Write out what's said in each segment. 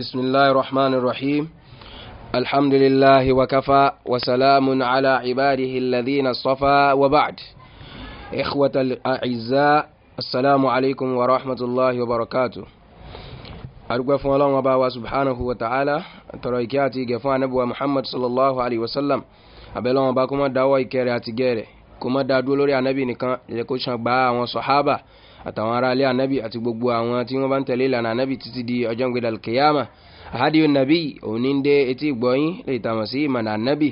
بسم الله الرحمن الرحيم الحمد لله وكفى وسلام على عباده الذين اصطفى وبعد إخوة الأعزاء السلام عليكم ورحمة الله وبركاته أرجو فون الله وبا سبحانه وتعالى تركياتي جفوا نبوة محمد صلى الله عليه وسلم abẹ́lẹ́ wọn bá kó má dáwọ́ ìkẹrẹ àti gẹ̀rẹ̀ kó má dá dúró lórí àtàwọn ará ilé ànábì àti gbogbo àwọn tí wọ́n bá ń tẹ̀lé ìlànà ànábì títí di ọjọ́ ń gbéra kìyàmà àhádìí nàbí òun ní dé etí ìgbọ́yìn lè tàmọ̀ sí ìmọ̀nà ànábì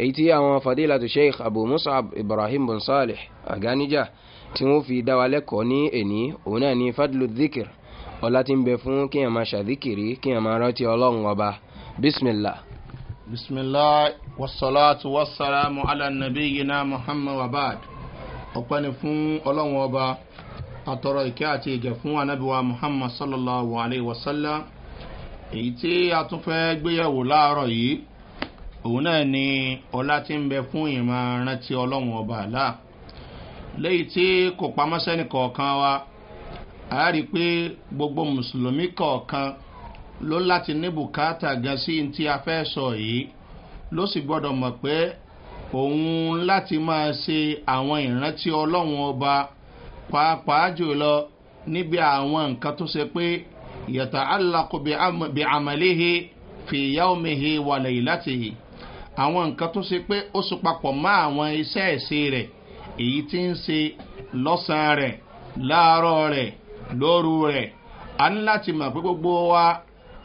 èyí tí àwọn fadilatu sheikh abu musab ibrahim bin salih aganija tí wọ́n fi dá wa lẹ́kọ̀ọ́ ní èní òun náà ní fadlu dhikr ọlá tí ń bẹ fún kí ẹ̀ máa ṣàdíkìrì kí ẹ̀ máa rántí ọlọ́run ọba bismillah. bismillah wasalaatu wasalaamu ala nabiyina muhammad wabad ọ̀pẹ́ni fún ọlọ́run ọba àtọrọ ìkẹ́ àti ìgẹ̀ fún anábíwá muhammad sallallahu alayhi wa sallam èyí tí a tún fẹ́ gbéyàwó láàárọ̀ yìí òun náà ni ọlá ti ń bẹ fún ìmọ̀ rántí ọlọ́run ọba àlá léyìí tí kò pamọ́ sẹ́ni kọ̀ọ̀kan wa a rí i pé gbogbo mùsùlùmí kọ̀ọ̀kan ló láti ní bùkátà gan sí ti a fẹ́ sọ yìí ló sì gbọ́dọ̀ mọ̀ pé òun láti máa ṣe àwọn ìrántí ọlọ́run ọba pàápàá jùlọ níbi àwọn nǹkan tó ṣe pé yàtọ̀ alákòbí àmàléhe fìyàwómihe wàlẹ̀ ìlàtìhì àwọn nǹkan tó ṣe pé ó so papọ̀ mọ́ àwọn iṣẹ́ ẹ̀ṣẹ̀ rẹ̀ èyí tí ń ṣe lọ́sàn-án rẹ̀ láàárọ̀ rẹ̀ lóru rẹ̀ a ní láti mọ̀ pé gbogbo wa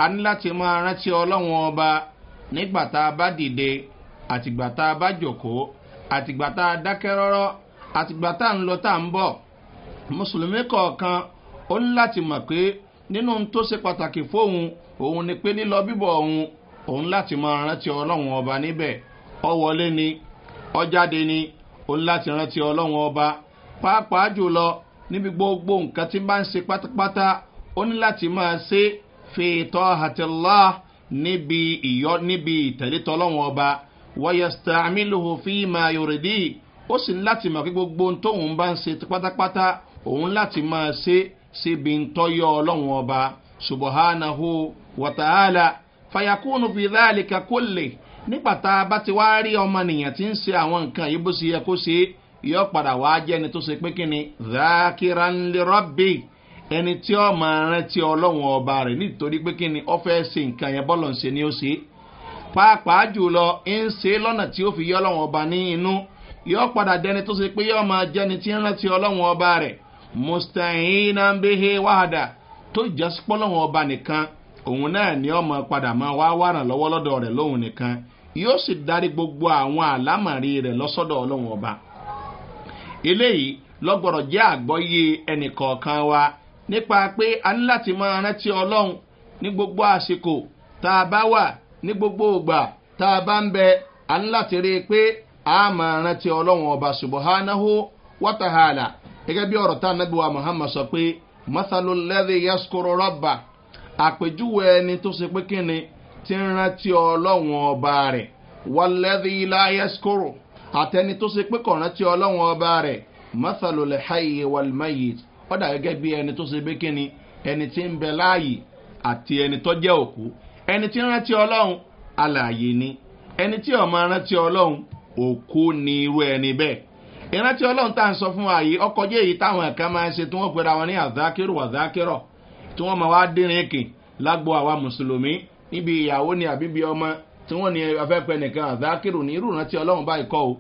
a ní láti máa rántí ọlọ́wọ́n ọba nígbà tá a bá dìde àtìgbà tá a bá jòkó àtìgbà tá a dákẹ́ rọ́rọ́ àtìgbà tá a ń lọ tá a ń bọ̀ mùsùlùmí kọ̀ọ̀kan ó ní láti mọ̀ pé nínú tó ṣe pàtàkì fóun òun ni pé lílọ bíbọ̀ òun òun láti máa rántí ọlọ́run ọba níbẹ̀ ọ wọlé ni ọ jáde ni òun láti rántí ọlọ́run ọba pàápàá jùlọ níbi gbogbo nǹkan tí bá ń ṣe pátápátá ó ní láti máa ṣe fi ìtọ́ àtìlá níbi ìyọ́ níbi ìtẹ̀lẹ́tọ̀ ọlọ́run ọba wọ́yẹ̀sítà amílùú fi máa ó sì ní láti mọ̀ pé gbogbo tóun bá ń ṣe pátápátá òun láti máa ṣe síbi ń tọ́yọ́ ọlọ́run ọba subahánahu wàtàhálà fàyàkùnù fìdálì kakólè nígbà tá a bá ti wá rí ọmọnìyàn tí ń ṣe àwọn nǹkan yìí bó ṣe yẹ kó ṣe yọ padà wá jẹ́ ẹni tó ṣe pé kí ni zakiranlirọ́bì ẹni tí ó máa rántí ọlọ́run ọba rẹ̀ nítorí pé kí ni fẹ́ ṣe nǹkan yẹn bọ́lọ̀ ń ṣe ni ó ṣe pàápàá jùlọ ń ṣe lọ́nà tí ó fi yọ ọlọ́run ọba ní inú yọ padà dẹni tó ṣe pé yọ máa jẹ́ni tí ń rántí ọlọ́run ọba rẹ̀ mustahin ambehe wahada tó jásí pọ́lọ́wọ́n ọba nìkan òun náà ní ọmọ padà máa wá wàràn lọ́wọ́ lọ́dọ̀ rẹ̀ lóhun nìkan yóò sì darí gbogbo àwọn àlámọ̀rí rẹ̀ lọ́sọ́dọ̀ ọlọ́wọ́n ọba. eléyìí lọ́gbọ̀rọ̀ jẹ́ àgbọ́yé ẹnìkọ̀ọ̀kan wa nípa pé a ní láti máa rántí ọlọ́run ní gbogbo àsìkò tá a bá wà ní gbogbo ògbà tá a bá ń bẹ a ní láti rí i pé a máa rántí ọlọ́run ọba subahánahu wọ́tàhálà gẹ́gẹ́ bí ọ̀rọ̀ tá a nábì wa muhammad sọ pé masalul lẹ́dí yaskoro rọ́bà àpèjúwe ẹni tó ṣe pé kíni ti ń rántí ọlọ́wọ́n ọba rẹ̀ wàlẹ́dí ilá yaskoro àtẹni tó ṣe pé kò rántí ọlọ́wọ́n ọba rẹ̀ masalul hayi walmayi ọ̀dà gẹ́gẹ́ bí ẹni tó ṣe pé kíni ẹni tí ń bẹ láàyè àti ẹni tó jẹ́ òkú ẹni tí ń rántí ọlọ́run alààyè ni ẹni tí ọmọ rántí ọlọ́run òkú ni irú ẹni bẹ́ẹ̀ ìrántí ọlọ́run tá à ń sọ fún wa yìí ọkọ̀ jẹ́ èyí táwọn ẹ̀ka máa ń ṣe tí wọ́n pera wọn ní àzákérò àzákérò tí wọ́n máa wá dínrín èkè lágbo àwa mùsùlùmí níbi ìyàwó ni àbíbi ọmọ tí wọ́n ní afẹ́fẹ́ nìkan àzákérò ní irú ìrántí ọlọ́run báyìí kọ́ o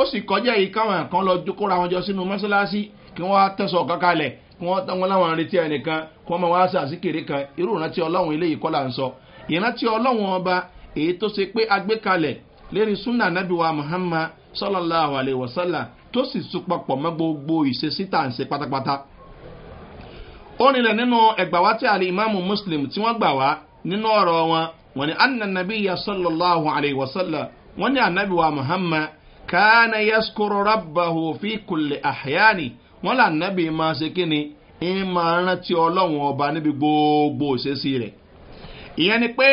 ó sì kọjá èyí káwọn ẹ̀kan lọ kóra wọn jọ sínú mọ́ṣáláṣí kí wọ́n tẹ̀sọ̀ kankalẹ̀ kí wọ́n láwọn retí ẹnìkan kí wọ́n máa wá sàṣìkèrè kan irú ìrántí ọlọ́run eléyìí kọ́ là ń sọ ìrántí ọlọ́run ọba èyí tó muhammad sọlọ́láhu alẹ́ wọ̀sálà tó sì supapọ̀ mọ́ gbogbo ìṣesí tà ń ṣe pátápátá. ó nílẹ̀ nínú ẹgbàá tí àlè ìmáàmù muslim tí wọ́n gbà wá nínú ọ̀rọ̀ wọn wọ́n ní ananabi ya sọlọ́láhu alẹ́ wọ̀sálà wọ́n ní anabi wa muhammad kàánà yaskuru rabbahu fi kulli ahyani wọ́n là anabi máa ṣe kíni ìmọ̀ rántí ọlọ́run ọba níbi gbogbo òṣèṣì rẹ̀ ìyẹn ni pé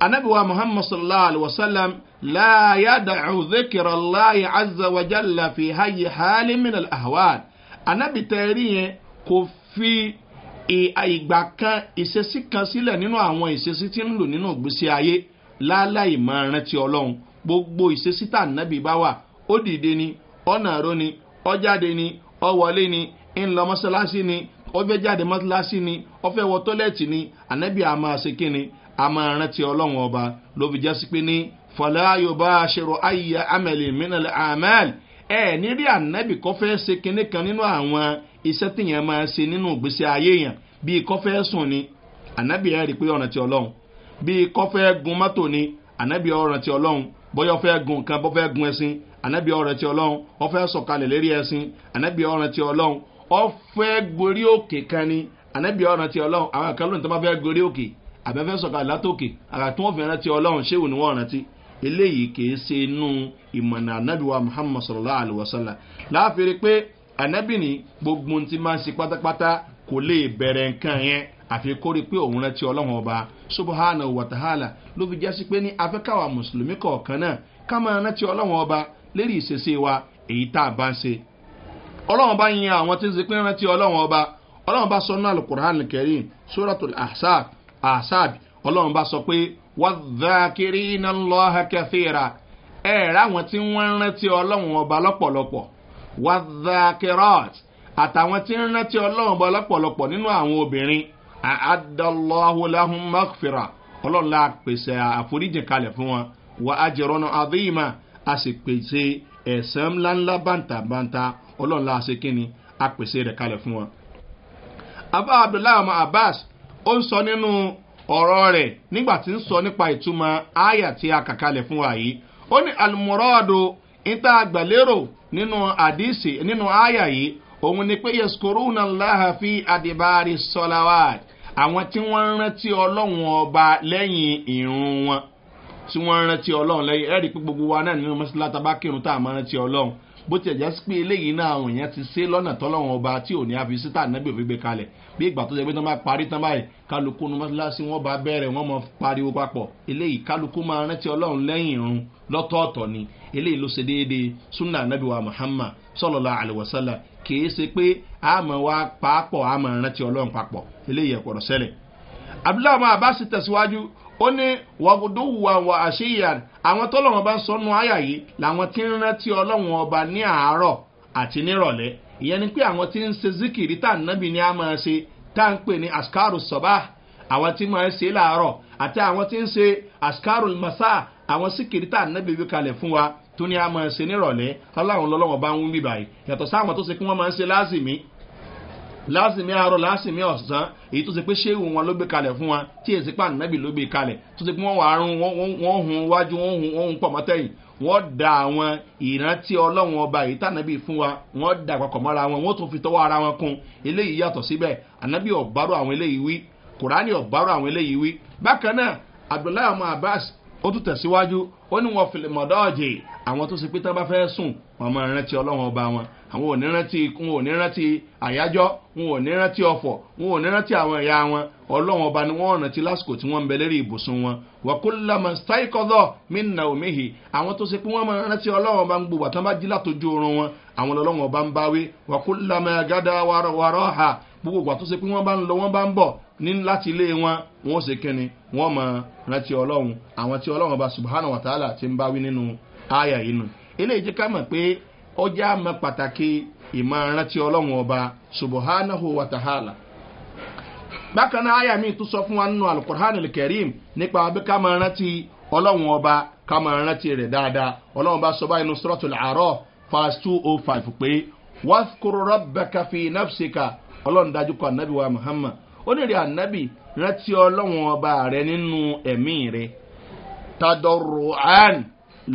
anabiwa muhammad sallallahu alaihi wasallam láàyà dàcú zikira láàyè azawajalla fi hayi hali minal ahwad anabi tẹ̀rí yẹn kò fi ìgbà kan ìṣesí kan sílẹ̀ nínú àwọn ìṣesí tí ń lò nínú ìgbésí ayé láláì máa rántí ọlọ́run gbogbo ìṣesí tà nábì bá wà ó dìde ni ọ̀nà àrò ni ọ̀jáde ni ọ̀wọ́lé ni ńlọ mọ́ṣáláṣí ni ọ̀fẹ́ jáde mọ́ṣáláṣí ni ọ̀fẹ́ wọ tọ́lẹ̀tì ni ànábì àmọ́ àṣekínni a máa rántí ọlọ́run ọba ló fi jẹ́ sí pé ní fọláyọba aṣèrò ayé amẹ̀lẹ̀ mìíràn amẹ́l ẹ nírí ànábì kọfẹ́ ṣe kinní kan nínú àwọn iṣẹ́ tìyẹn máa ṣe nínú ìgbésí ayé yẹn bíi kọfẹ́ sùn ni ànábì ẹ rí i pé ọ̀ràn ti ọlọ́run bíi kọfẹ́ gun mọ́tò ni ànábì ọ̀ràn ti ọlọ́run bọ́yọ̀ fẹ́ gun nǹkan bọ́ fẹ́ gun ẹṣin ànábì ọ̀ràn ti ọlọ́run ọ fẹ́ sọ̀kalẹ̀ lérí ẹṣin ànábì ọ̀ràn ti ọlọ́run ọ fẹ́ gorí òkè kan ni ànábì ọ̀ràn ti ọlọ́run àwọn kan tó bá fẹ́ gorí òkè àbẹ́fẹ́ sọ̀kà látòkè àrà tí wọ́n fi rántí ọlọ́run ṣéwù ni wọ́n rántí eléyìí kìí ṣe inú ìmọ̀nà anábìwá muhammad sọ̀rọ̀lá àlùwọ̀sọ́là láàfin pé anábì ní gbogbo ti máa ń ṣe pátápátá kò lè bẹ̀rẹ̀ nǹkan yẹn àfi kó rí i pé òun rántí ọlọ́run ọba subahana wàtàhálà ló fi jásí pé ní afẹ́káwà mùsùlùmí kọ̀ọ̀kan náà ká máa rántí ọlọ́run ọba lérí ìṣesí wa èyí tá a bá ń ṣe ọlọ́run ọba yin àwọn tí ń ṣe pé rántí ọlọ́run ọba ọlọ́run ọba sọ náà lùkùrán kẹrin sóràtò àṣà asad ọlọ́run bá sọ pé wàdàkiri iná lọ́ha kẹfìrà ẹ ráwọn tí wọ́n ń rántí ọlọ́run ọba lọ́pọ̀lọpọ̀ wàdàkirọ́t àtàwọn tí ń rántí ọlọ́run ọba lọ́pọ̀lọpọ̀ nínú àwọn obìnrin àádọ́lọ́hùnláhùn ọlọ́run pèsè àforíjì kalẹ̀ fún wọn a sì pèsè ẹ̀sán ńláńlá bàǹtàbàǹtà ọlọ́run ṣe kíni a pèsè rẹ̀ kalẹ̀ ó ń sọ nínú ọ̀rọ̀ rẹ̀ nígbà tí ń sọ nípa ìtumọ̀ àyà tí a kà kalẹ̀ fún wa yìí ó ní àlùmọ́rọ́ọ̀dù níta àgbàlérò nínú àdìsí nínú àyà yìí òun ni pé yẹsùkúrúnà láhàfi àdìbárí sọláwàd àwọn tí wọ́n rántí ọlọ́run ọba lẹ́yìn ìrún wọn tí wọ́n rántí ọlọ́run lẹ́yìn ẹ̀rí pé gbogbo wa náà nínú mọ́sálátà bá kírun tá a máa rántí ọlọ́run bó tiẹ̀ jẹ́ pé eléyìí náà àwọn èèyàn ti ṣe lọ́nà tọ́lọ́wọ́n ọba tí ò ní àfi sítà nẹ́bí òfin gbé kalẹ̀ bí ìgbà tó jẹ́ pé tó máa parí tán báyìí kálukú nu mọ́tíláṣí wọ́n bá bẹ̀rẹ̀ wọ́n mọ pariwo papọ̀ eléyìí kálukú máa rántí ọlọ́run lẹ́yìn irun lọ́tọ̀ọ̀tọ̀ ni eléyìí ló ṣe déédéé sunna nabi wa muhammad sọlọ́lá àlùwọ̀sálà kìí ṣe pé àmọ́ wa pàápọ̀ àmọ́ rántí ọlọ́run papọ̀ eléyìí ẹ̀kọ́ rọ̀ sẹ́lẹ̀ abdullahi abbas ó ní wàgùdù wà wà àṣeyàn àwọn tọ́lọ́wọ́n bá ń sọnù àyà yìí làwọn ti ń rántí ọlọ́wọ́n ọba ní àárọ̀ àti nírọ̀lẹ́ ìyẹn ni pé àwọn ti ń ṣe zikiri tá nàbì ni a máa ṣe tá à ń pè ní askaru sọba àwọn ti máa ń ṣe láàárọ̀ àti àwọn ti ń ṣe askaru masa àwọn sikiri tá nàbì wí kalẹ̀ fún wa tó ní a máa ṣe nírọ̀lẹ́ ọlọ́run lọ́lọ́wọ́n bá ń wí báyìí yàtọ̀ sáwọn tó ṣe kí wọ́n máa ń ṣe láàzìmí lásìmí àárọ̀ lásìmí ọ̀sán èyí tó ṣe pé ṣé wọn ló gbé kalẹ̀ fún wa tí èsì pàǹ nẹ́bì ló gbé kalẹ̀ tó ṣe pé wọ́n wà á rún wọ́n hun wájú wọ́n hun wọ́n hun pọ̀ mọ́tẹ́yìn wọ́n da àwọn ìrántí ọlọ́run ọba èyí tànàbí fún wa wọ́n da àpapọ̀ mọ́ra wọn wọ́n tún fi tọwọ́ ara wọn kún eléyìí yàtọ̀ síbẹ̀ ànábì ọ̀bárò àwọn eléyìí wí kùránì ọ̀bárò àwọn eléyìí wí bákan náà abdullahi ọmọ abbas ó tún tẹ̀síwájú ó ní wọn fìlẹ̀ mọ̀dọ́ọ̀jì àwọn tó ṣe pé tán bá fẹ́ sùn wọn máa rántí ọlọ́run ọba wọn àwọn ò ní rántí ikú wọn ò ní rántí àyájọ́ wọn ò ní rántí ọ̀fọ̀ wọn ò ní rántí àwọn ẹ̀yà wọn ọlọ́run ọba ni wọ́n rántí lásìkò tí wọ́n ń bẹ lérí ibùsùn wọn wàkúlàmọ̀ sáìkọ́dọ̀ mínà òmíhì àwọn tó ṣe pé wọ́n máa rántí ọlọ́run ọba ń gbogbo àtàn bá jí látọjú oorun wọn àwọn ọlọ́run ọba ń báwí wàkúlàmọ̀ gádà wàrọ̀ ha gbogbo ìgbà tó ṣe pé wọ́n bá ń lọ wọ́n bá ń bọ̀ ní láti ilé wọn wọn ó ṣe kíni wọ́n máa rántí ọlọ́run àwọn tí ọlọ́run ọba subhanahu wa ta'ala ti ń báwí nínú àyà inú eléyìí jẹ́ ká mọ̀ pé ọjà mọ pàtàkì ìmọ̀ràn tí ọlọ́run ọba subahánahu wa ta'ala bákan náà àyà mi tún sọ fún wa nínú alukur'an kẹrim nípa bí ká máa rántí ọlọ́run ọba ká máa rántí rẹ̀ dáadáa ọlọ́run bá sọ báyìí nínú sọ́rọ́tù làárọ̀ fast two oh five pé wàhùkúrú rọ́bẹ̀ka fi nafsika ọlọ́run dájú kọ anabi wa muhammad ó ní anabi rántí ọlọ́run ọba rẹ nínú ẹ̀mí rẹ tadọ̀rọ̀ àn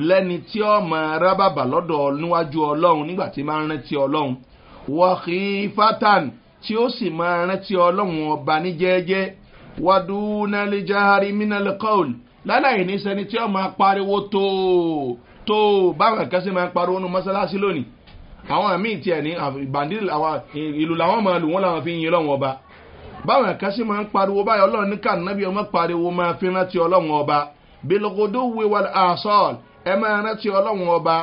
lẹ́ni tí ó mọ rábàbà lọ́dọ̀ níwájú ọlọ́run nígbà tí máa ń rántí ọlọ́run wọ́ọ̀kì fátán tí ó sì máa rántí ọlọ́run ọba ní jẹ́ẹ́jẹ́ wàdúnálẹ́jáhárí mínálẹ́kọ́ọ̀l láláì ní sẹni tí ó máa pariwo tó tó báwọn kan sì máa pariwo nu mọ́sálásí lónìí àwọn míì tiẹ̀ ní ìbàndí ìlú làwọn máa lù wọ́n làwọn fi ń yin ọlọ́run ọba báwọn kan sì máa ń pariwo báyìí ọlọ́run ní kànáàbí ọmọ pariwo máa fi rántí ọlọ́run ọba bílógodó wíwá àṣọl ẹ máa rántí ọlọ́run ọba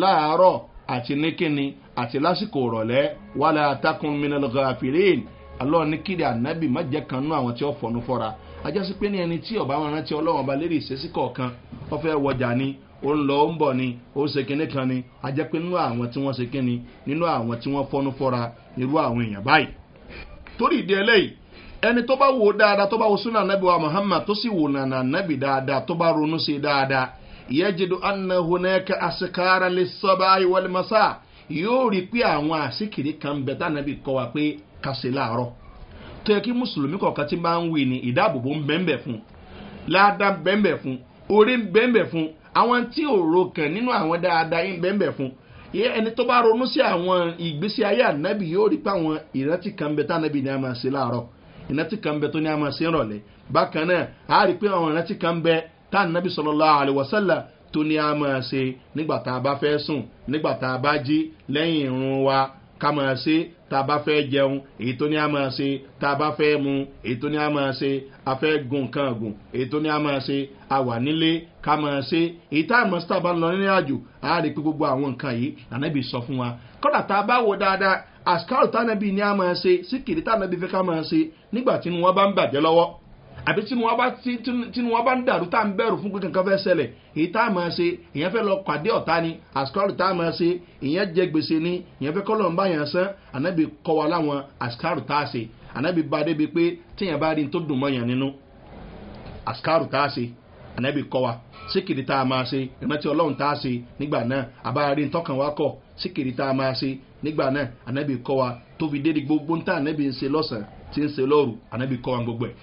láàárọ̀ àti níkíni àti lásìkò ìrọ̀lẹ́ wàhálà atakùn minalga firin alọ́ ní kíri ànábì má jẹ́ kan nú àwọn tí ó fọnú fọ́ra ajásí pé ní ẹni tí ọba wọn rántí ọlọ́run ọba lérí ìṣesí kọ̀ọ̀kan ó fẹ́ wọjà ni ó ń lọ ó ń bọ̀ ni ó ṣe kinní kan ni ajẹ́ pé nínú àwọn tí wọ́n ṣe kinní nínú àwọn tí wọ́n fọnú fọ́ra irú àwọn èèyàn báyìí torí ìdí eléyìí ẹni tó bá wò dáadáa tó bá wò súnà nàbì wa muhammad tó sì wò nànà anabi dáadáa tó bá ronú sí dáadáa yẹ́jìdù anna hunaka asikara lè sọ́ba ìwọlẹ́mọ́sá yóò rí pé àwọn àsìkiri kan bẹ̀ tánàbí kọ́ wa pé kàṣe láàárọ̀ tó yẹ kí mùsùlùmí kọ̀ọ̀kan ti máa ń wí ni ìdáàbòbò ń bẹ́ẹ̀ fún láàdá bẹ́ẹ̀ fún orí ń bẹ́ẹ̀ fún àwọn tí ò ro kàn nínú àwọn dáadáa ń bẹ́ẹ̀ fún ẹni tó bá ronú sí àwọn ìgbésí ayé ànábì yóò rí pé àwọn ìrántí kan bẹ tánàbí ni a máa ṣe láàárọ̀ ìrántí kan bẹ tó ní a máa ṣe ń rọ̀lẹ́ bákan náà a rí pé àwọn ìrántí kan bẹ tá ànábì sọlọ́lá àlùwọ̀sálà tó ní a máa ṣe nígbà tá a bá fẹ́ sùn nígbà tá a bá jí lẹ́yìn irun wa ká máa ṣe tá a bá fẹ́ jẹun èyí tó ní a máa ṣe tá a bá fẹ́ mu èyí tó ní a máa ṣe a fẹ́ gun nǹkan ọ̀gùn èyí tó ní a máa ṣe a wà nílé ká máa ṣe èyí tá a mọ̀ síta bá lọ nínú àjò a rí pé gbogbo àwọn nǹkan yìí ànábì sọ fún wa kọ́dà tá a bá wo dáadáa àsìkò àrùtánàbì ní a máa ṣe síkìrì tánàbì fẹ́ ká máa ṣe nígbà tí wọn bá ń bàjẹ́ lọ́wọ́ àbí tí wọn bá tí wọn bá ń dàrú tá à ń bẹ̀rù fún pé kankan fẹ́ ṣẹlẹ̀ èyí tá a máa ṣe ìyẹn fẹ́ lọ pàdé ọ̀tá ni àsìkárù tá a máa ṣe ìyẹn jẹ gbèsè ni ìyẹn fẹ́ kọ́lọ̀ ń bá yàn sán ànábì kọ́ wa láwọn àsìkárù tá a ṣe ànábì bá débi pé tíyẹn bá rí n tó dùn mọ́ yàn nínú àsìkárù tá a ṣe ànábì kọ́ wa síkìrì tá a máa ṣe ìrántí ọlọ́run tá a ṣe nígbà náà àbára ntọ́kàn wa kọ̀ síkìrì tá a máa ṣe nígbà náà ànábì kọ́ wa tóbi dédi gbogbo ń ànábì ń ṣe lọ́sàn-án ti ń ṣe lọ́rù ànábì kọ́ wa gbogbo ẹ̀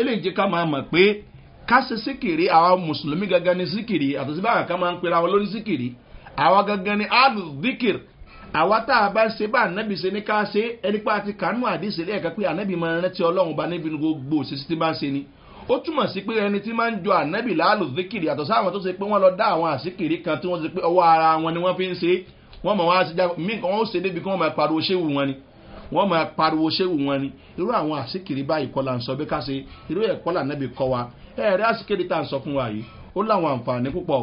eléyìí jẹ́ ká máa mọ̀ pé ká ṣe síkìrì àwọn mùsùlùmí gangan ní síkìrì àtúnṣe báwọn kan máa ń pera wọn lórí síkìrì àwọn gangan ní al-dhikr àwa tá a bá ṣe bá ànábì ṣe ní ká ṣe ẹni pé a ti kànú àdìsí ilé ẹ̀ka pé ànábì máa rántí ọlọ́run bá níbi gbogbo òṣìṣẹ́ tí bá ń ṣe ni ó túmọ̀ sí pé ẹni tí máa ń jọ ànábì láàlù zikiri àtọ̀ sáwọn tó ṣe pé wọ́n lọ dá àwọn àṣìkiri kan tí wọ́n ṣe pé ọwọ́ ara wọn ni wọ́n fi ń ṣe wọ́n mọ̀ wọ́n á ṣe jáde mí kan wọ́n ó ṣe débi kí wọ́n máa pariwo ṣéwù wọn ni wọ́n máa pariwo ṣéwù wọn ni irú àwọn àsìkiri báyìí kọ́ la ń sọ bí ká ṣe irú ẹ̀ kọ́ là nẹ́bi kọ́ wa ẹ̀ẹ́rẹ́ àsìkiri tá à ń sọ fún wa yìí ó láwọn àǹfààní púpọ̀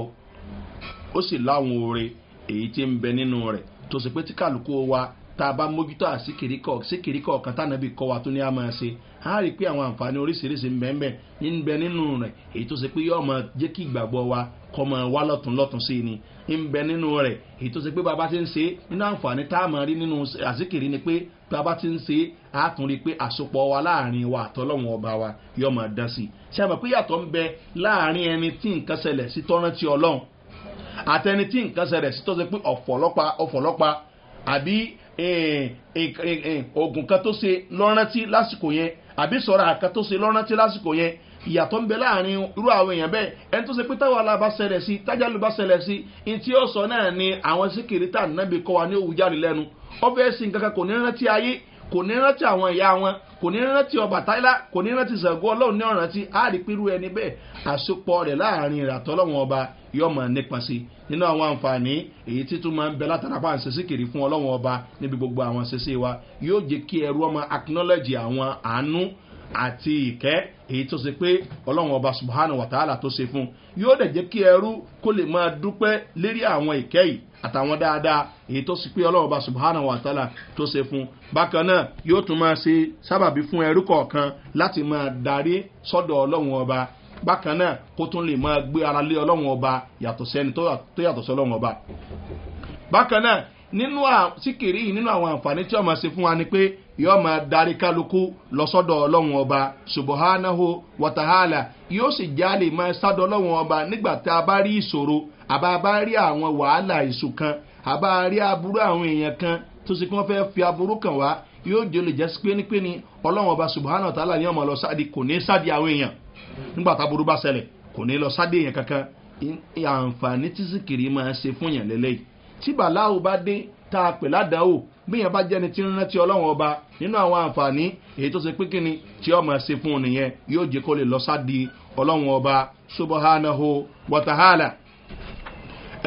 ó sì láwọn oore èyí tí ń bẹ nínú rẹ̀ tó sì pé tí kálukú wa tá a bá mójútó àsìkiri kọ síkiri kọ kan tánàbí kọ wa tó ní a máa ṣe a rí i pé àwọn àǹfààní oríṣiríṣi ń bẹ́ẹ̀ bẹ́ẹ̀ ń bẹ nínú rẹ̀ èyí tó ṣe pé yóò máa jẹ́ kí ìgbàgbọ́ wa kọ́ máa wá lọ́tún lọ́tún sí ni ń bẹ nínú rẹ̀ èyí tó ṣe pé bàbá ti ń ṣe nínú àǹfààní tá a máa rí nínú àsìkiri ni pé tá a bá ti ń ṣe á tún rí i pé àsopọ̀ wa láàrin wa àtọ́lọ́wọ̀n ọba wa yóò máa dán sí i ṣé àmọ̀ pé yàtọ̀ ń bẹ láàrin ẹni tí nǹkan ṣẹlẹ̀ sí tọ́rántí ọlọ́run àtẹni tí nǹkan ṣẹlẹ̀ sí tọ́sẹ̀ pé ọ̀fọ̀lọ́pa ọ̀fọ̀lọ́pa àbí oògùn kan tó ṣe lọ́rántí lásìkò yẹn àbí sọ̀rọ̀ àkan tó ṣe lọ́rántí lásìkò yẹn ìyàtọ̀ ń bẹ láàrin irú àwọn èèyàn bẹ́ẹ̀ ẹni tó ṣe pé táwọn alábá ṣẹlẹ̀ sí tájálù bá ṣẹlẹ̀ sí ní tí ó náà ni àwọn síkìrì tá ànábì kọ́ wa ní òwújáde lẹ́nu ọbẹ̀ ẹ̀sìn kankan kò ní rántí ayé kò ní rántí àwọn ìyá wọn kò ní rántí ọbàtálá kò ní rántí sàgó ọlọ́run ní ọ̀ràn tí a rí pírú ẹni bẹ́ẹ̀ àsopọ̀ rẹ̀ láàrin ìràtọ́ ọlọ́run ọba yóò mọ̀ nínú àwọn àǹfààní èyí títún máa ń bẹ látara pa àǹsẹ̀sí kiri fún ọlọ́run ọba níbi gbogbo àwọn àǹsẹ̀sí wa yóò jẹ́ kí ẹrú ọmọ acknowledge àwọn àánú àti ìkẹ́ èyí tó ṣe pé ọlọ́run ọba subhanahu wa ta'ala tó ṣe fún yóò dẹ̀ jẹ́ kí ẹrú kó lè máa dúpẹ́ lérí àwọn ìkẹ́ yìí àtàwọn dáadáa èyí tó sì pé ọlọ́run ọba subhanahu wa ta'ala tó ṣe fún bákan náà yóò tún máa ṣe sábàbí fún ẹrú kọ̀ọ̀kan láti máa darí sọ́dọ̀ ọlọ́run ọba bákan náà kó tún lè máa gbé ara lé ọlọ́run ọba yàtọ̀ sẹ́ni tó yàtọ̀ sọ́lọ́run ọba bákan náà nínú síkìrì yìí nínú àwọn àǹfààní tí ọmọ ṣe fún wa ni pé yóò máa darí kálukú lọ́sọ́dọ̀ ọlọ́run ọba subahánahu wàtàhálà yóò sì jáde máa sádọ̀ ọlọ́run ọba nígbà tá a bá rí ìṣòro àbá a bá rí àwọn wàhálà ìṣù kan àbá a rí aburú àwọn èèyàn kan tó sì kí wọ́n fẹ́ fi aburú kàn wá yóò olè pínípíní ọba subahánahu ni ọmọ lọ sáde kò ní sáde àwọn èèyàn nígbà táburú bá ṣẹlẹ̀ kò kankan àǹfààní tí máa fún yàn tí bàláwo bá dé tá a pè ládàáwò bíyàn bá jẹ́ni tí ń rántí ọlọ́run ọba nínú àwọn àǹfààní èyí tó ṣe pé kíni tí ọmọ ṣe fún un nìyẹn yóò jẹ́ kó lè lọ sádi ọlọ́run ọba subahánaho wọ́tahálà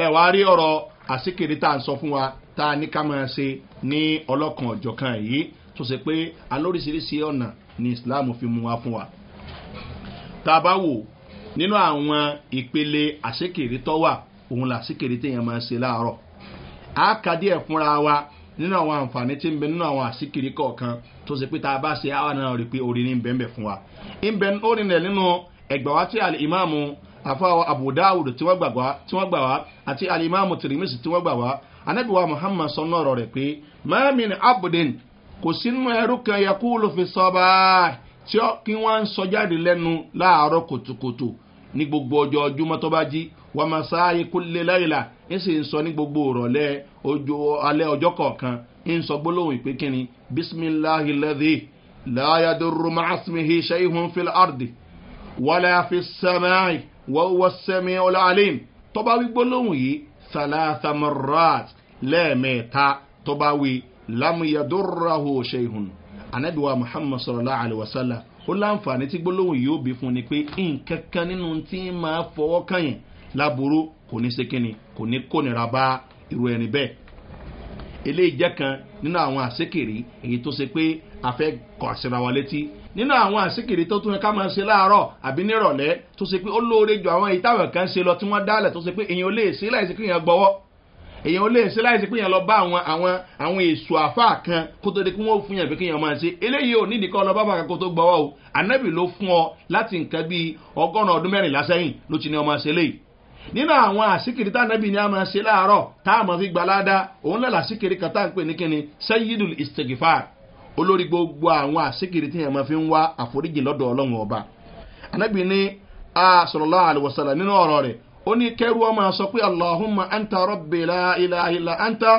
ẹ wá rí ọ̀rọ̀ àsìkiri tá à ń sọ fún wa tá a ní ká máa ṣe ní ọlọ́kan ọ̀jọ̀kan yìí tó ṣe pé alóríṣiríṣi ọ̀nà ni islam fi mú wa fún wa tá a bá wò nínú àwọn ìpele àsìkiri tó wà òun làsìkiri téèyàn máa ṣe láàárọ̀ a kà wa nínú àwọn àǹfààní tí ń bẹ nínú àwọn àsìkiri kọ̀ọ̀kan tó ṣe pé tá a bá ṣe àwọn náà rí i pé orin ní ń bẹ́ẹ̀ fún wa. ń bẹ orin rẹ̀ nínú ẹgbà wa tí alìmáàmù àfọwọ́ àbùdáwùd tí wọ́n gbà wá àti alìmáàmù tìrìmìsì tí wọ́n gbà wá anábìwá muhammad sọ náà rọ̀ rẹ̀ pé mẹ́rin abudin kò sínú ẹrú kan yẹ kó ló fi sọ báyìí tí kí wọ́n ń sọ jáde lẹ́nu láàárọ̀ kùtùkùtù ní gbogbo ọjọ́ ọjọ́ mọ́tọ́ wàmàsáyé kúlẹ̀ láyìlá ń sì ń sọ ní gbogbo ìrọ̀lẹ́ alẹ́ ọjọ́ kọ̀ọ̀kan ń sọ gbólóhùn ìpè kínní bisimilahi lẹ́dí láyàdúró màásìmìhì ṣẹ́yìhùn fílẹ̀ àrdì wàlàfi sàmáì wọ́wọ́ sẹ́mi ọláàlìm tọ́ba wí gbólóhùn yìí sàlàsàmùràt lẹ́ẹ̀mẹ́ta tọ́ba wí lámùyàdúró ṣẹ́yìhùn anabiwa muhammad sallallahu alaihi ó láǹfààní tí gbólóhùn yìí ó bí fún ni pé nǹkan kan nínú tí ń máa fọwọ́ kàn yẹn láburú kò ní sekínì kò ní kónira bá irú ẹni bẹ́ẹ̀ eléyìí jẹ́ kan nínú àwọn àṣekèrè èyí tó ṣe pé a fẹ́ kọ̀ àṣírà wa létí nínú àwọn àṣekèrè tó tún yẹ ká máa ṣe láàárọ̀ àbí nírọ̀lẹ́ tó ṣe pé ó lóore ju àwọn èyí táwọn kan ṣe lọ tí wọ́n dálẹ̀ tó ṣe pé èyàn ò lè ṣe láìsí kí èyàn gbọ́wọ́ èyàn ò lè ṣe láìsí pé èyàn lọ bá àwọn àwọn àwọn èso àfà kan kó tó di kí wọ́n fún yàn pé kí èyàn máa ṣe eléyìí ò nídìí kọ́ lọ bá bàkà kó tó gbọ́wọ́ o ànábì ló fún ọ láti nǹkan bíi ọgọ́rùn-ún ọdún mẹ́rìnlá sẹ́yìn ló ti ní ọmọ ṣe léyìí nínú àwọn àsìkiri tá nàbì ni a máa ṣe láàárọ̀ tá a máa fi gbà ládàá òun lẹ́la àsìkiri kan tá à ń pè ní kíni sayidul istigifar olórí gbogbo àwọn àsìkiri tí yẹn máa fi ń wá àforíjì lọ́dọ̀ ọlọ́run ọba anábì ní asọ̀rọ̀lá àlùwọ̀sálà nínú ọ̀rọ̀ rẹ̀ ó ní kẹ́rù ọmọ sọ pé allahumma anta rabbi la ilaha illa anta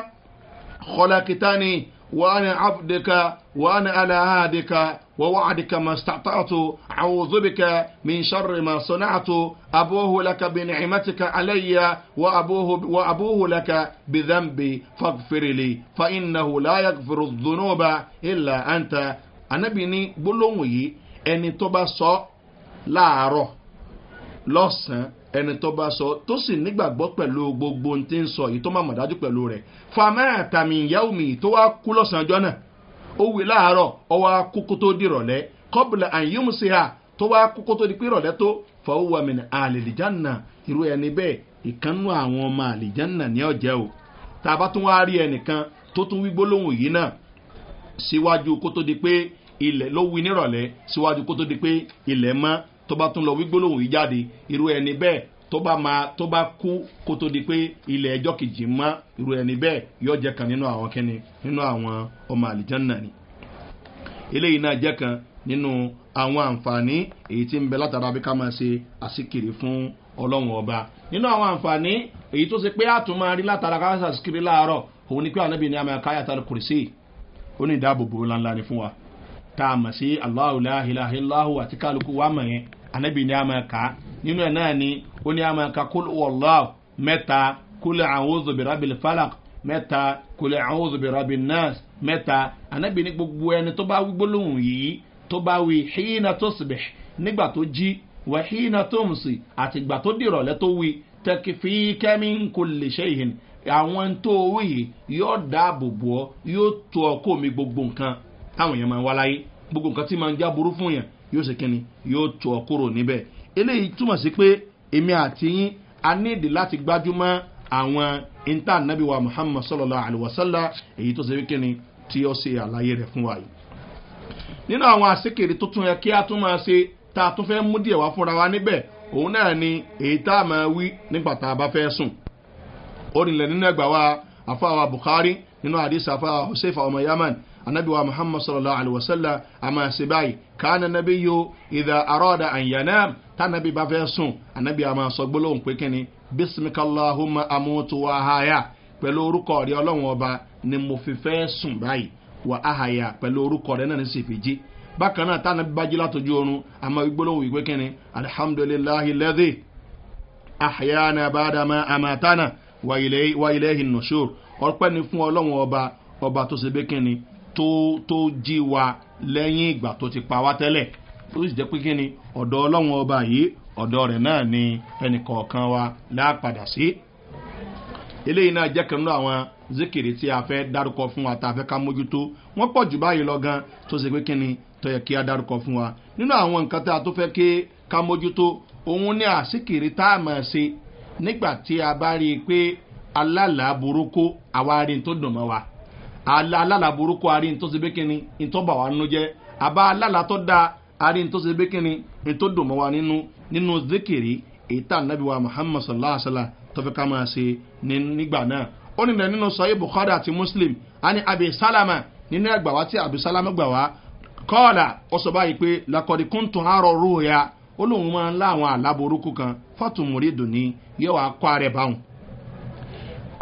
kọlakitani وأنا عبدك وأنا على عهدك ووعدك ما استطعت أعوذ بك من شر ما صنعت أبوه لك بنعمتك علي وأبوه, وأبوه لك بذنبي فاغفر لي فإنه لا يغفر الذنوب إلا أنت أنا بني بلوي أني تبصى أروح lọ́sàn-án ẹni tó bá sọ tó sì nígbàgbọ́ pẹ̀lú gbogbo ohun tí ń sọ yìí tó má mọ̀ dájú pẹ̀lú rẹ̀ famẹ́rẹ̀ tàmí ìyáwó mi tó wá kú lọ́sàn-án ọjọ́ náà ó wí láàárọ̀ ọwọ́ akókó tó di ìrọ̀lẹ́ kọ́bùlà àyùmù ha tó wá kókó tó di pé ìrọ̀lẹ́ tó fọwọ́ mi ní àlèlìjánà irú ẹni bẹ́ẹ̀ ìkànnú àwọn ọmọ àlèjánà ní ọ̀jẹ́ o tá tún wá rí ẹnìkan tó tún wí gbólóhùn yìí náà síwájú kó tó di pé ilẹ̀ ló wí nírọ̀lẹ́ síwájú kó tó di pé ilẹ̀ mọ́ tó bá tún lọ wí gbólóhùn yìí jáde irú ẹni bẹ́ẹ̀ tó bá máa tó bá kú kó tó di pé ilẹ̀ ẹjọ́ kejì mọ́ irú ẹni bẹ́ẹ̀ yóò jẹ́ kan nínú àwọn kẹ́ni nínú àwọn ọmọ àlìjánná ni eléyìí náà jẹ́ kan nínú àwọn àǹfààní èyí tí ń bẹ látara bí ká máa ṣe àsìkiri fún ọlọ́run ọba nínú àwọn àǹfààní èyí tó ṣe pé àtún máa rí látara ká máa ṣàṣìkiri láàárọ̀ òun ni pé ànábì ní àmì àkáyà tá a kùrì sí ó ní ìdáàbòbò ńláńlá ni fún wa tá a mọ̀ sí aláhùn láhìláhìláhùn àti kálukú wa mọ̀ yẹn anabi ní a máa kà á nínú ẹ̀ náà ni ó ní a máa ka kúlù wọ̀lọ́ọ̀ mẹ́ta kúlù àwọn òzòbìrà bìlì falak mẹ́ta kúlù àwọn òzòbìrà bìlì nas mẹ́ta anabi ní gbogbo ẹni tó bá wí gbólóhùn yìí tó bá wí híínà tó sibẹ̀ nígbà tó jí wà híínà tó mùsì àtìgbà tó dìrọ̀lẹ́ tó wí tẹkifí kẹ́mi ń kò àwọn tó owó yóò dáàbò bò yóò tó ọkọ mi gbogbo nǹkan táwọn èèyàn máa ń wá gbogbo nǹkan tí máa ń já burú fún yàn yóò ṣe kíni yóò tó ọ kúrò níbẹ̀ eléyìí túmọ̀ sí pé èmi àti yín a nídìí láti gbájúmọ́ àwọn intan nabi wa muhammad sallallahu alaihi wasallam èyí tó ṣe wí kíni tí ó ṣe àlàyé rẹ̀ fún wa yìí. nínú àwọn àṣekèrè tó tún yẹ kí a tún máa ṣe tá a tún fẹ́ mú díẹ̀ wá fúnra wa níbẹ̀ òun náà ni èyí tá a máa wí nígbà tá a bá fẹ́ sùn. orinlẹ̀ nínú ẹgbàá wa àfáà wa buhari nínú àdìs anabi wa muhammad sallallahu alaihi wa sallam a máa ṣe báyìí káàna nabi yo ìdá arọ́dà àyànnàm النبي أما fẹ́ sùn anabi a máa sọ gbólóhùn pé kíni bisimikalahuma amutu wa haya pẹ̀lú orúkọ rẹ ọlọ́run ọba ni mo fi fẹ́ sùn báyìí wà á haya pẹ̀lú orúkọ rẹ náà ní sì fi jí bákan náà tánàbí bá jí látọjú oorun a gbólóhùn wípé kíni alihamdulilahi lẹ́dí àhayana bàdàmà àmàtánà wà ilẹ̀ hinnu ṣòro fún ọlọ́run ọba ọba tó ṣe bẹ́kẹ́ni tó tó jí wa lẹ́yìn ìgbà tó ti pa wá tẹ́lẹ̀ tó sì jẹ́ pé kí ni ọ̀dọ̀ ọlọ́run ọba yìí ọ̀dọ̀ rẹ̀ náà ni ẹnìkọ̀ọ̀kan wa láàpadà sí. eléyìí náà jẹ́ kan nínú àwọn zikiri tí a fẹ́ dárúkọ fún wa tá a fẹ́ ká mójútó wọ́n pọ̀ jù báyìí lọ gan tó ṣe pé kí ni tó yẹ kí a dárúkọ fún wa nínú àwọn nǹkan tá a tó fẹ́ ké ká mójútó òun ní àsìkiri tá a máa ṣe nígbà tí a bá rí i pé alálàá burúkú àwa rí i tó dùn mọ́ wa alálàlà burúkú arí ntọ́sí bẹ́kẹ́ni ntọ́bà wa nínú jẹ́ àbá alálà tó dáa arí ntọ́sí bẹ́kẹ́ni ntọ́dọ̀mọ́ wa nínú nínú zikiri èyí tá wa muhammad sallallahu alaihi wa sallam tọ́fẹ́ ká máa ṣe nígbà náà ó nílẹ̀ nínú sọ́yìn bukhari àti muslim ani abisalama salama nínú ẹgbà wa tí abi salama gbà wá kọ́ọ̀là ó sọ báyìí pé lakọ̀dí kúntùn àárọ̀ rú ya ó lóun máa ń lá àwọn aláborúkú kan fọ́tùmùrí dùn ní yóò wá kọ́ ààrẹ báwọn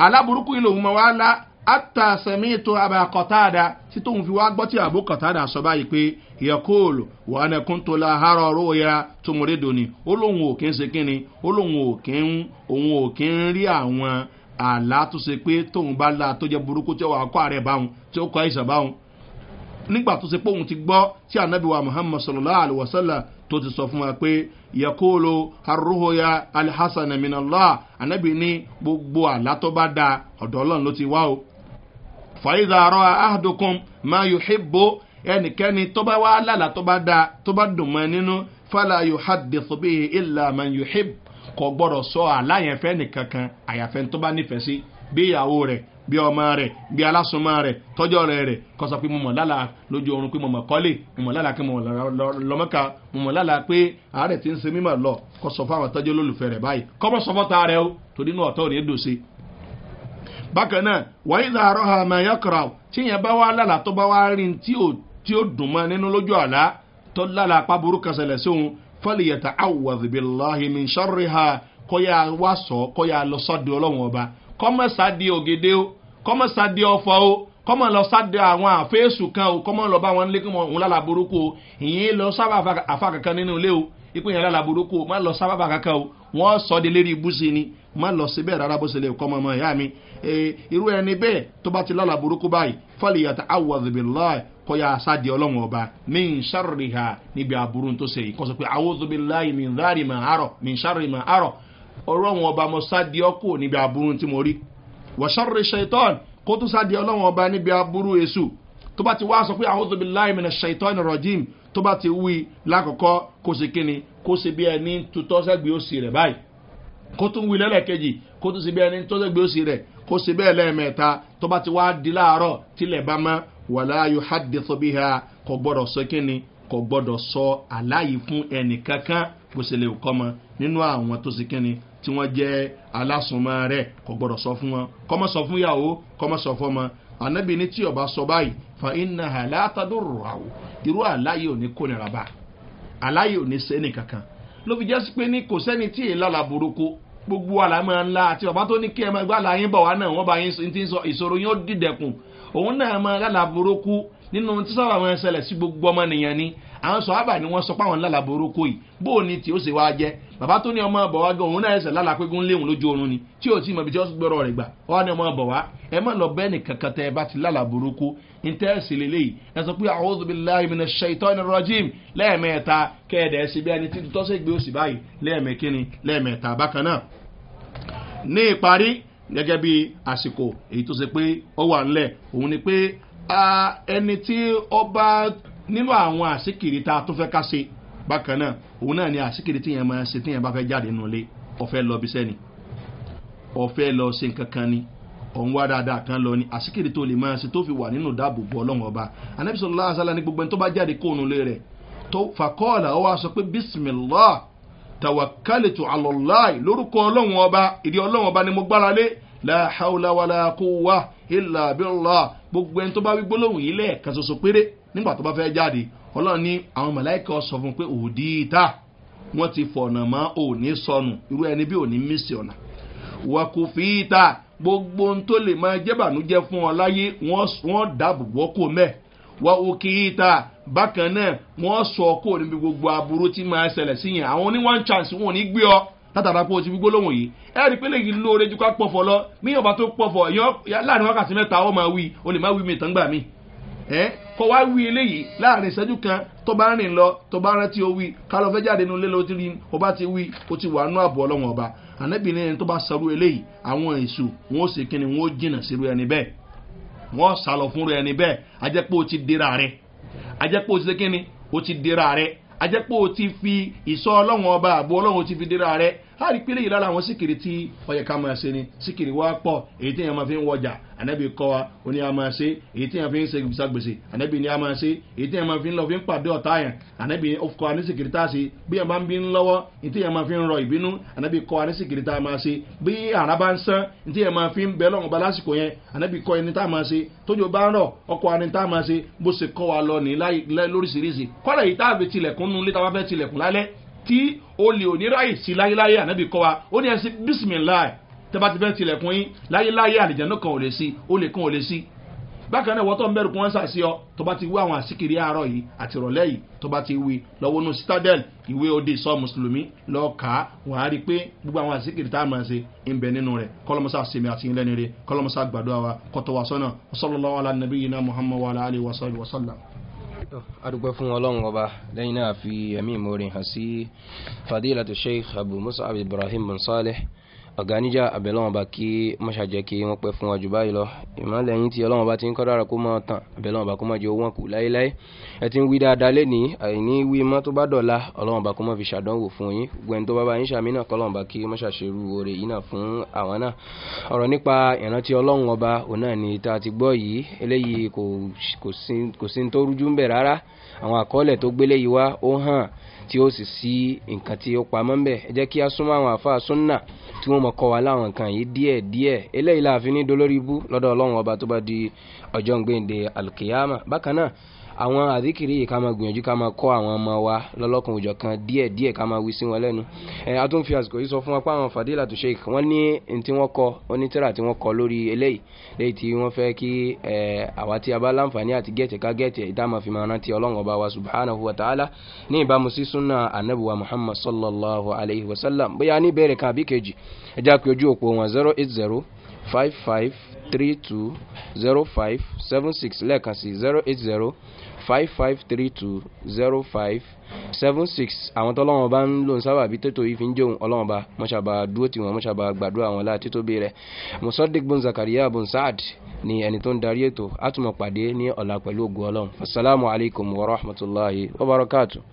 aláborúkú yìí lòun máa wá lá ata sẹ̀mìtò abà kọ̀tàdà tí tóun fi wá gbọ́ tí àbó kọ̀tàdà sọ báyìí pé yẹkóòlù wà á nẹkún tó la harọ róya tó mo rédò ni ó lóun ò kí ń se kínni ó lóun ò kí ń òun ò kí ń rí àwọn àlá tó ṣe pé tóun bá la tó jẹ burúkú tí wàá kọ́ àrẹ báwọn tí ó kọ́ àìsàn báwọn nígbà tó ṣe pé òun ti gbọ́ tí anabiwa muhammad sallallahu alayhi wa sallam tó ti sọ fún wa pé yẹkóòlù arúhóya alhassan aminallah anabi ní gbogbo àlá tó bá da ọ̀dọ́ ọlọ́run ló ti wá o fàyídà àrọ àádókùn máa yóò hìbò ẹnikẹ́ni tó bá wá lálàá tó bá dáa tó bá dùn mọ́ nínú fàlà yóò hàdì sóbì ìlà máa yóò hìb kò gbọ́dọ̀ sọ àláyẹ̀fẹ́ nìkankan àyàfẹ́ tó nífẹ̀ẹ́ sí bí ìyàwó rẹ̀ bí ọmọ rẹ̀ bí alásùnmọ́ rẹ̀ tọ́jọ́ rẹ̀ rẹ̀ kọ́sọ pé mo mọ̀ lójú oorun pé mo kọ́lé mo mọ̀ pé mo lọ́mọ́ka mo mọ̀ pé àárẹ̀ ti ń se mímọ̀ lọ kọ́sọ fún tọ́jú olólùfẹ́ rẹ̀ báyìí kọ́mọ́sọ rẹ̀ o torí inú ọ̀tọ́ rẹ̀ dòse bákan náà wàá ìlà àárọ̀ àmọ́ yàkọ̀rọ̀ tíyẹn bá wá lálà tó bá wá rí tí ò tí ó dùn mọ́ nínú lójú àlá tó lálà apá burúkú ṣẹlẹ̀ sóhun fọlìyàtà awùwàdìbìláhìmí sọ́rí ha kọ́yà wá sọ kọ́yà lọ sọ́dọ̀ ọlọ́run ọba kọ́mọ̀sádì ògèdè o kọ́mọ̀sádì ọ̀fọ̀ o kọ́mọ̀ lọ sádẹ àwọn àfẹ́sù kan o kọ́mọ̀ lọ bá wọn lé kọ́mọ̀ òun lálà burúkú o ìyẹn lọ ni má lọ síbẹ̀ rárá bó ṣe lè kọ́ ọmọ ìyá mi irú ẹni bẹ́ẹ̀ tó bá ti lálà burúkú báyìí fọlì yàtọ̀ awọ́dùbìlá kọ́yà sáde ọlọ́run ọba mi ń sáré ha níbi àbúrú tó ṣe yìí kọ́ sọ pé awọ́dùbìlá mi ń rárì mà àárọ̀ mi ń sáré mà àárọ̀ ọlọ́run ọba mo sáde ọkọ̀ níbi àbúrú tí mo rí wọ́n sáré ṣetán kó tó sáde ọlọ́run ọba níbi àbúrú èṣù tó bá ti wá sọ pé awọ́dùbìlá mi ń ṣetán rọ̀jìm tó bá ti wí lákọ̀ọ́kọ́ kó ṣe kíni kó ṣe bí ẹni tutọ́ sẹ́gbẹ̀ẹ́ òsì rẹ̀ báyìí kó tún wí lẹ́lẹ́kejì kó tún sí bí ẹni tó gbé òsì rẹ̀ kó sì bẹ́ẹ̀ lẹ́ẹ̀mẹ́ta tó bá ti wá di láàárọ̀ tilẹ̀ bá mọ́ wàláyò hadithobiha kò gbọ́dọ̀ sọ kíni kò gbọ́dọ̀ sọ aláyì fún ẹnìkankan kò sì lè kọ́ mọ nínú àwọn tó sì kíni tí wọ́n jẹ́ alásùnmọ́ rẹ̀ kò gbọ́dọ̀ sọ fún wọn kọ́mọ sọ fún yàwó kọ́mọ sọ fún ọmọ ànábì ní tí ọba sọ báyìí fa iná àlá àtàdúrò àwò irú aláyè ò ní kó nira bá aláyè ò ní sẹ́ni kankan ló fi jẹ́ sí pé ní kò sẹ́ni tí èèlà là burúkú gbogbo àlà máa ń la àti bàbá tó ní kí ẹ máa gbá la yín bọ̀ wá náà wọ́n bá yín ti ń sọ ìṣòro yín ó dìdẹ̀kùn òun náà máa lálà burúkú nínú tí sábà wọn ṣẹlẹ̀ sí gbogbo ọmọ ni àwọn sọ ábà ni wọ́n sọ páwọn lálà boroko yìí bó o ní tí ó sì wá jẹ́ bàbá tó ní ọmọ ọbọ̀ wá gan òun náà ẹsẹ̀ lálà pégún léwùn lójú oorun ni tí ò tí mọ̀ bí tí ó gbọ́rọ̀ rẹ̀ gbà wọ́n ní ọmọ ọbọ̀ wá ẹ má lọ bẹ́ẹ̀ nìkan kan tẹ ẹ bá ti lálà boroko ní tẹ́ ẹ sì lélẹ́yìí ẹ sọ pé àwọn òbí láì mìíràn ṣe ìtọ́ ní rọ́jìm lẹ́ẹ̀mẹ́ta kẹ́ẹ̀dẹ̀ sí bí ẹni tí tọ́sẹ̀ gbé òsì báyìí lẹ́ẹ̀mẹ́kíni ẹni tí ọba nínú àwọn àṣekèrè tá a tún fẹ́ ká ṣe bákan náà òun náà ni àṣekèrè tí yẹn máa ṣe tí yẹn bá fẹ́ jáde nù lé ọ̀fẹ́ lọ bí sẹ́ni ọ̀fẹ́ lọ ṣe nǹkan kan ni òun wá dáadáa kan lọ ni àṣekèrè tó lè máa ṣe tó fi wà nínú dáàbòbò ọlọ́run ọba anabi sọlá ní gbogbo ẹni tó bá jáde kóònù lé rẹ̀ tó fàkọ́ọ̀là ó wá sọ pé bisimilah tawakalitu alọ́láì lórúkọ ọlọ́run ọba ìdí ọlọ́run ọba ni mo gbára lé láhàúlá wà láàkúwà ìlà abirùlá gbogbo ẹni tó bá wí gbólóhùn yìí lẹ́ẹ̀kan ṣoṣo péré nígbà tó bá fẹ́ jáde ọlọ́run ní àwọn mọ̀láìkà sọ fún pé òdì ìta wọ́n ti fọ̀nà mọ́ òní sọnù irú ẹni bí òní mísì ọ̀nà wà kò fi ìta gbogbo ohun tó lè máa jẹ́ bànújẹ́ fún ọ láyé wọ́n dáàbò wọ́kò mẹ́ẹ̀ wà òkè ìta bákan náà wọ́n sọ ọkọ̀ níbi gbogbo aburú tí máa ṣẹlẹ̀ síyẹn àwọn oní one chance wọn ò ní gbé ọ látara pé o ti fi gbólóhùn yìí ẹ rí pé léyìí lóore ju ká pọ̀fọ̀ lọ ní ọba tó pọ̀fọ̀ láàrin wákàtí mẹ́ta ọ máa wí o lè má wí mi tán gbà mí ẹ kọ wá wí eléyìí láàrin ìṣẹ́jú kan tó bá rìn lọ tó bá rántí o wí ká lọ fẹ́ jáde nínú ilé lọ ti rí o bá ti wí o ti wà nú àbọ̀ ọlọ́wọ̀n ọba ànábìnrin ẹni tó bá sarú eléyìí àwọn èso wọn ó ṣe kíni wọn ó jìnà sí ẹni bẹ́ẹ̀ wọn ó sálọ fún ẹni bẹ́ẹ̀ ajẹ́pọ̀ ti fi ìsọ ọlọ́wọ̀n ọba àbọ̀ ọlọ́wọ̀n ti fi dira rẹ̀ a rí pélé yìí lára àwọn síkìrì tí ọyẹ ká máa ṣe ni síkìrì wá pọ̀ èyí tí yẹn máa fi ń wọjà ànábì kọ́ wa ó ní a máa ṣe èyí tí yẹn fi ń ṣe gbèsàgbèsè ànábì ní a máa ṣe èyí tí yẹn máa fi ń lọ fi ń pàdé ọ̀tá yẹn ànábì kọ́ wa ní síkìrì tá a bí yẹn bá ń bí ń lọ́wọ́ èyí tí yẹn máa fi ń rọ ìbínú ànábì kọ́ wa ní síkìrì tá máa ṣe bí ara bá ń sán èyí tí yẹn máa fi ń bẹ lọ́wọ́ ba lásìkò yẹn ànábì kọ́ ẹni tá a máa ṣe tójú ni tá a máa ṣe bó ṣe kọ́ wa lọ ní lóríṣiríṣi kọ́lá yìí tá a fi tilẹ̀kùn nu tí olè òní ráyè sí láyéláyé ànábì kọ́ wa ó ní ẹsẹ̀ bisimilayi tẹ́bá ti fẹ́ tilẹ̀kùn yín láyéláyé àlìjẹ́nu kan ò lè sí olè kan ò lè sí bákan náà wọ́tọ̀ ń bẹ̀rù kún wọn sàṣì ọ tó bá ti wí àwọn àsìkiri àárọ̀ yìí àti ìrọ̀lẹ́ yìí tó bá ti wí lọ́wọ́ nù citadel ìwé òde sọ mùsùlùmí lọ́ọ́ kà á wọ́n á rí i pé gbogbo àwọn àsìkiri tá a máa ṣe ń bẹ nínú rẹ̀ kọ́lọ́mọsá sèmi àti ìlẹ́ni rẹ̀ kọ́lọ́mọsá gbàdúrà wa kọ́tọ̀ wa sọ́nà sọlọ́lá wa nàbí yìí náà muhammadu wa alayhi wa sallam adúpẹ́ fún ọlọ́run ọba lẹ́yìn náà fi ẹ̀mí ìmoore hàn sí fadilatu sheikh abu musa ibrahim bin saleh ọ̀gá níjà àbẹ̀ lọ́wọ́n bá kí mọ́ṣá jẹ́ kí wọ́n pẹ́ fún wa jù báyìí lọ ìmọ̀lẹ̀ yín tí ọlọ́wọ́n bá ti ń kọ́ dára kó máa tàn àbẹ̀ lọ́wọ́n bá kó máa jẹ́ owó wọn kù láéláé ẹ ti ń wí dáadáa lẹ́ni àìní wí mọ́ tó bá dọ̀la ọlọ́wọ́n bá kó máa fi ṣàdánwò fún yín gbẹ̀n tó bá bá yín ṣàmì náà bá kí mọ́ṣá ṣe a ti gbọ́ yìí eléyìí tí ó sì sí nǹkan tí ó pamọ́ ń bẹ̀ ẹ jẹ́ kí a súnmọ́ àwọn àfáà súnnà tí wọ́n mọ̀ kọ́ wa láwọn nǹkan yìí díẹ̀ díẹ̀ eléyìí la fi ní dolórí bú lọ́dọ̀ ọlọ́run ọba tó bá di ọjọ́ gbẹ̀ǹde alkiyama bákan náà àwọn àdìkìrì yìí ká máa gbìyànjú ká máa kọ́ àwọn ọmọ wa lọ́lọ́kan òjọ̀ kan díẹ̀ díẹ̀ ká máa wí sí wọn lẹ́nu ẹ a tún fi àsìkò yìí sọ fún wa pé àwọn fàdílà tó ṣe wọ́n ní ní tí wọ́n kọ onítìrà tí wọ́n kọ lórí eléyìí léyìí tí wọ́n fẹ́ kí ẹ àwa tí a bá láǹfààní àti gẹ̀ẹ́tì ká gẹ̀ẹ́tì ìdá máa fi máa rántí ọlọ́run ọba wa subhanahu wa ta'ala ní ìbámu sísun súnà anabiwa muhammad sallallahu alayhi wa sallam bóyá ní ìbéèrè kan àbí kejì ẹ já pé ojú òpó wọn zero eight zero five five three two zero five seven six lẹ́ẹ̀kan sí zero eight zero five five three two zero five seven six àwọn tó lọ́wọ́n bá ń lò ń sábà bí tètò yìí fi ń jẹun ọlọ́wọ́n bá mọ́ṣábà dúró tiwọn mọ́ṣábà gbàdúrà wọn láti tó bẹ̀rẹ̀ musodik bon zakaria bon saad ni ẹni tó ń darí ètò àtúmọ̀ pàdé ní ọ̀la pẹ̀lú ògùn ọlọ́run asalaamualeykum wa rahmatulahi wa barakatu.